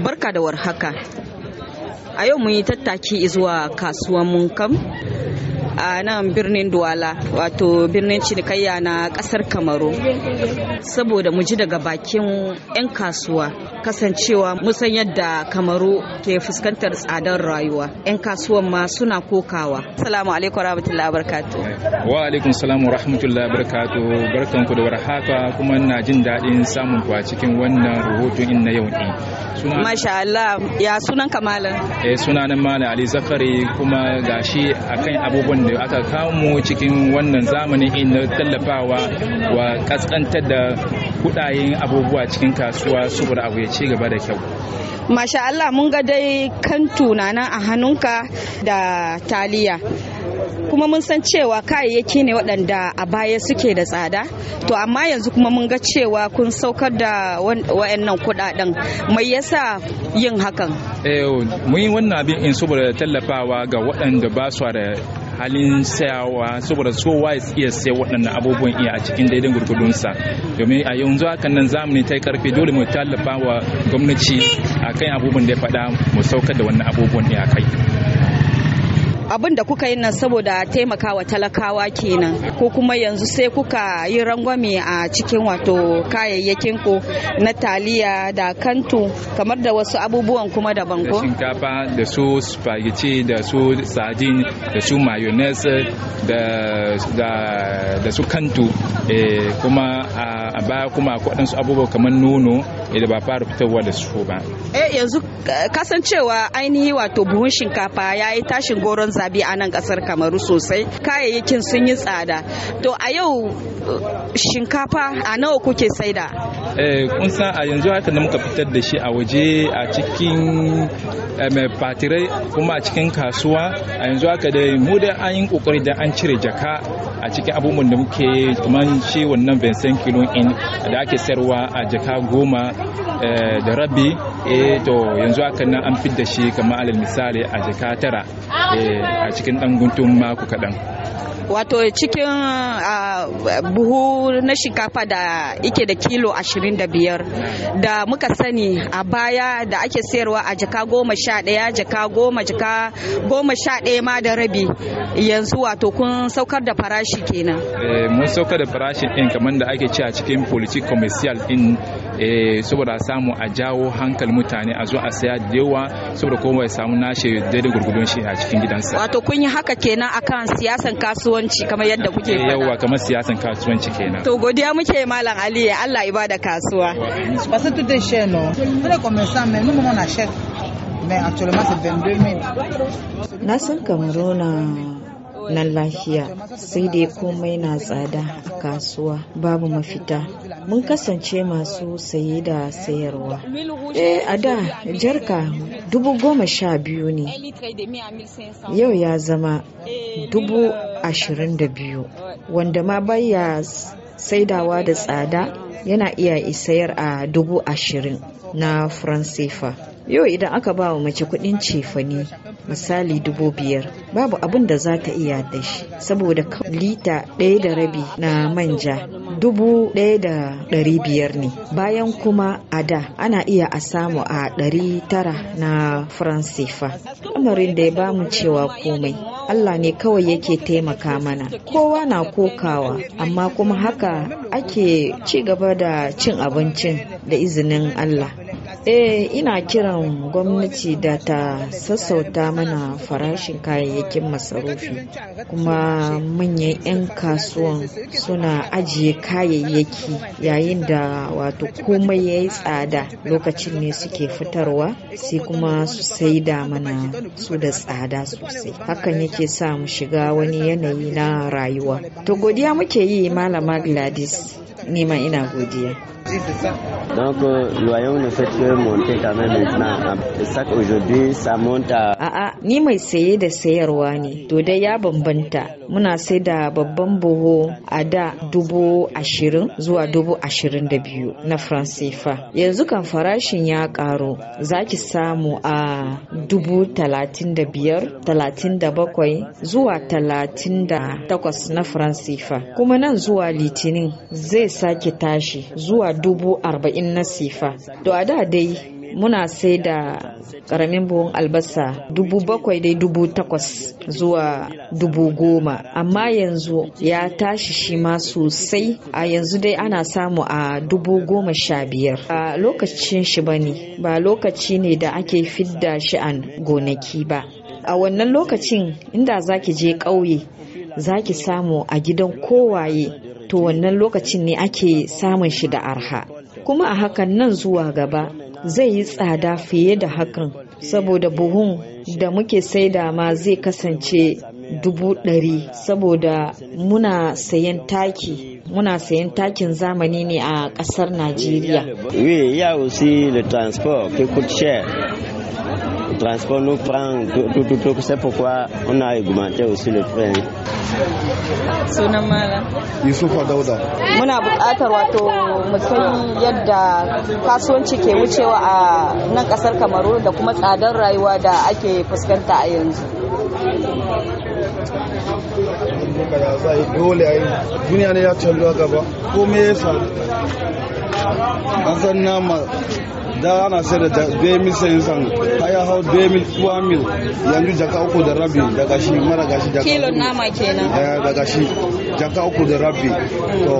barka da warhaka. A yau mun yi tattaki zuwa kasuwan Munkam a nan birnin Duwala wato birnin cinikayya na kasar Kamaru saboda mu ji daga bakin 'yan kasuwa kasancewa musan yadda Kamaru ke fuskantar tsadar rayuwa 'yan kasuwan ma suna kokawa. Salamu alaikum rahmatullahi abarkatu. Wa alaikum salam warahmatullahi abarkatu. Barkanku da warhaka kuma na jin daɗin samun ku a cikin wannan rahoton in na yau ne Masha Allah ya sunan kamalan. Eh sunanan Malam Ali Zakari kuma gashi akan abubuwan da aka kamu cikin wannan zamanin inda tallafawa wa kaskantar da kudayen abubuwa cikin kasuwa saboda abu ya ci gaba da kyau masha Allah mun ga dai kan tunanan a hannunka da taliya kuma mun san cewa kayayyaki ne waɗanda a baya suke da tsada to amma yanzu kuma mun ga cewa kun saukar da wayannan kuɗaɗen mai yasa yin hakan eh mun yi wannan abin in saboda tallafawa ga waɗanda ba su da halin sayawa saboda kowa ya iya sai waɗannan abubuwan iya a cikin daidai gurgudunsa domin a yanzu hakan nan zamani ta yi karfe dole mu tallafa wa gwamnati akan abubuwan da ya faɗa mu saukar da wannan abubuwan ne a kai abin da kuka yi nan saboda taimakawa talakawa kenan ko kuma yanzu sai kuka yi rangwame a cikin wato kayayyakin ku na taliya da kantu kamar da wasu abubuwan kuma daban ko shinkafa da su spaghetti da su sardine da su mayonnaise da da su kantu eh, kuma a ah, a baya kuma akwai ɗansu abubuwa kamar nono da ba fara fitarwa da su ba. Eh yanzu kasancewa ainihi wato buhun shinkafa ya yi tashin goron zabi a nan ƙasar Kamaru sosai kayayyakin sun yi tsada. To a yau shinkafa a nawa kuke saida? Eh kun san a yanzu haka da muka fitar da shi a waje a cikin eh, fatirai kuma a cikin kasuwa a yanzu haka da mu da an yi kokari da an cire jaka a cikin abubuwan da muke kamar shi wannan vincent kilo in da ake sayarwa a jaka goma eh, da rabi e to yanzu haka nan an fidda shi kamar alal misali a jaka tara eh, a cikin dan guntun mako kaɗan wato cikin buhu na shinkafa da ike da kilo 25 da muka sani a baya da ake sayarwa a jaka goma sha ɗaya jaka goma jaka goma sha ɗaya ma da rabi yanzu wato kun saukar da farashi kenan eh, mun saukar da farashi ɗin kamar da ake cewa a cikin politik commercial ɗin eh, saboda samu a jawo hankali mutane a zo a saya da yawa saboda kowa ya samu nashi daidai gurgudun shi a cikin gidansa wato kun yi haka kenan akan siyasan kasuwa kasuwanci kamar yadda kuke eh, faɗa. yawa kamar siyasan kasuwanci kenan. To godiya muke Malam Ali Allah ya bada kasuwa. Ba su tudun shi no. Muna commerçant mais nous on achète mais actuellement c'est 22 Na san Cameroon na lafiya sai dai komai na tsada a kasuwa babu mafita mun kasance masu saye da sayarwa. Eh, a da jarka dubu goma sha biyu ne, yau ya zama dubu ashirin da biyu, wanda ma baya saidawa da tsada yana iya isayar a dubu ashirin na fransefa. Yau idan aka ba wa mace kudin cefane misali dubu biyar babu abin da za ta iya da shi saboda lita ɗaya da rabi na manja dubu ɗaya da ɗari biyar ne bayan kuma a da ana iya a samu a ɗari tara na faransifa lamarin da ya ba mu cewa komai Allah ne kawai yake taimaka mana kowa na kokawa amma kuma haka ake ci gaba da cin abincin da izinin Allah Eh ina kiran gwamnati da ta sassauta mana farashin kayayyakin masarufi kuma manyan 'yan kasuwan suna ajiye kayayyaki yayin da wato komai ya yi tsada lokacin ne suke fitarwa sai kuma su saida mana su da tsada sosai hakan yake sa mu shiga wani yanayi na rayuwa to godiya muke yi malama gladys nima ina godiya Dan peut monter quand même maintenant. Le sac aujourd'hui, ça monte à... A'a, ni mai saye da sayarwa ne, to dai ya bambanta. Muna sai da babban buhu a da dubu ashirin zuwa dubu ashirin da biyu na Fransifa. Yanzu kan farashin ya karo za ki samu a dubu talatin da biyar, talatin da bakwai zuwa talatin da takwas na Fransifa. Kuma nan zuwa Litinin zai sake tashi zuwa dubu arba'in na sifa. To a da dai muna sai da karamin buhun albasa dubu bakwai dai dubu takwas zuwa dubu goma amma yanzu ya tashi shi ma sosai a yanzu dai ana samu a dubu goma sha biyar a lokacin shi ba ne ba lokaci ne da ake fidda shi a gonaki ba a wannan lokacin inda za ki je ƙauye ki samu a gidan kowaye to wannan lokacin ne ake samun shi da arha kuma a hakan nan zuwa gaba zai yi tsada fiye da hakan saboda buhun da muke saida ma zai kasance dubu ɗari saboda muna sayan taki muna sayan takin zamani ne a ƙasar najeriya we yawo aussi the transport que share. transport nous prend tout, tout, tout, tout. C'est pourquoi on a augmenté aussi le train. Sunan Yusufa Dauda. Muna buƙatar wato mu san yadda kasuwanci ke wucewa a nan ƙasar Kamaru da kuma tsadar rayuwa da ake fuskanta a yanzu. dole a yi duniya ne ya canza gaba ko yasa an san nama da ana sai da 2,000 san ya hau mil yanzu jaka uku da rabi da gashi mara gashi jaka kilo nama kenan eh, da gashi jaka uku da rabi to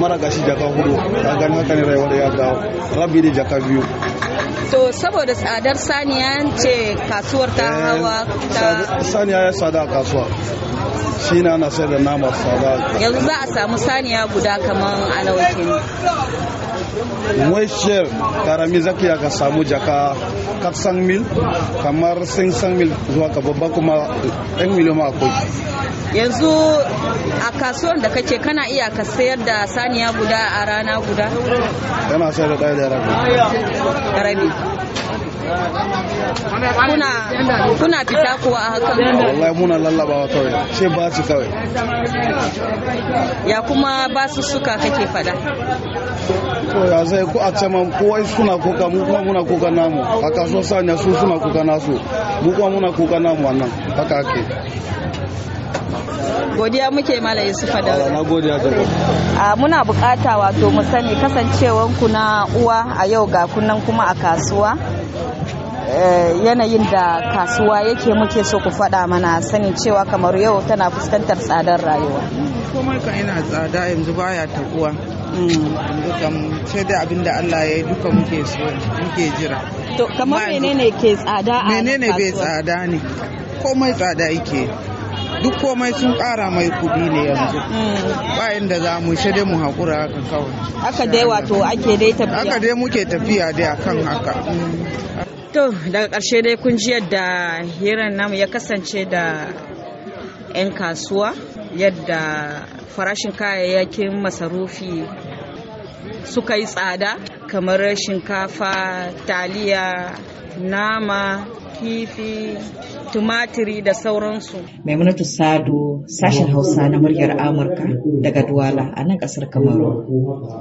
mara gashi jaka hudu ka gani haka ne rayuwar ya dawo rabi da jaka biyu to saboda tsadar saniya ce kasuwar ta eh, hawa ta saniya ya tsada a kasuwa shi na ana sayar da nama tsada yanzu za a samu saniya guda kamar a mai share karami zaka ya samu jaka 400000 kamar 500000 zuwa ka babba kuma 1 million ma akwai yanzu a kasuwan da kake kana iya ka sayar da saniya guda a rana guda? kana sayar da ɗaya da rabi. Rabi. kuna kuna fita kuwa a hakan muna lallabawa kawai ya kuma ba suka kake fada a muna kuka namu sanya su godiya muke mala da na a muna bukata wato mu sani kasancewanku na uwa a yau ga kunan kuma a kasuwa Eh, yanayin da kasuwa yake muke so ku faɗa mana sanin cewa kamar yau tana fuskantar tsadar rayuwa mm, komai kan yana tsada yanzu baya mm. yanzu dukan sai da abin da Allah ya yi duka muke so muke jira to kamar menene ke tsada a kasuwa? menene bai tsada ne komai tsada yake duk komai sun kara mai kuɗi ne yanzu hmm. ba inda za mu shi dai mu haƙura haka kawai haka dai wato ake dai tafiya haka dai muke tafiya dai akan haka hmm. to daga ƙarshe dai kun ji yadda hirar namu ya kasance da 'yan kasuwa yadda farashin kayayyakin masarufi suka yi tsada kamar shinkafa taliya nama kifi tumatiri da sauransu. Maimunatu Sado sashen Hausa na muryar Amurka daga Duwala a nan kasar Kamaru.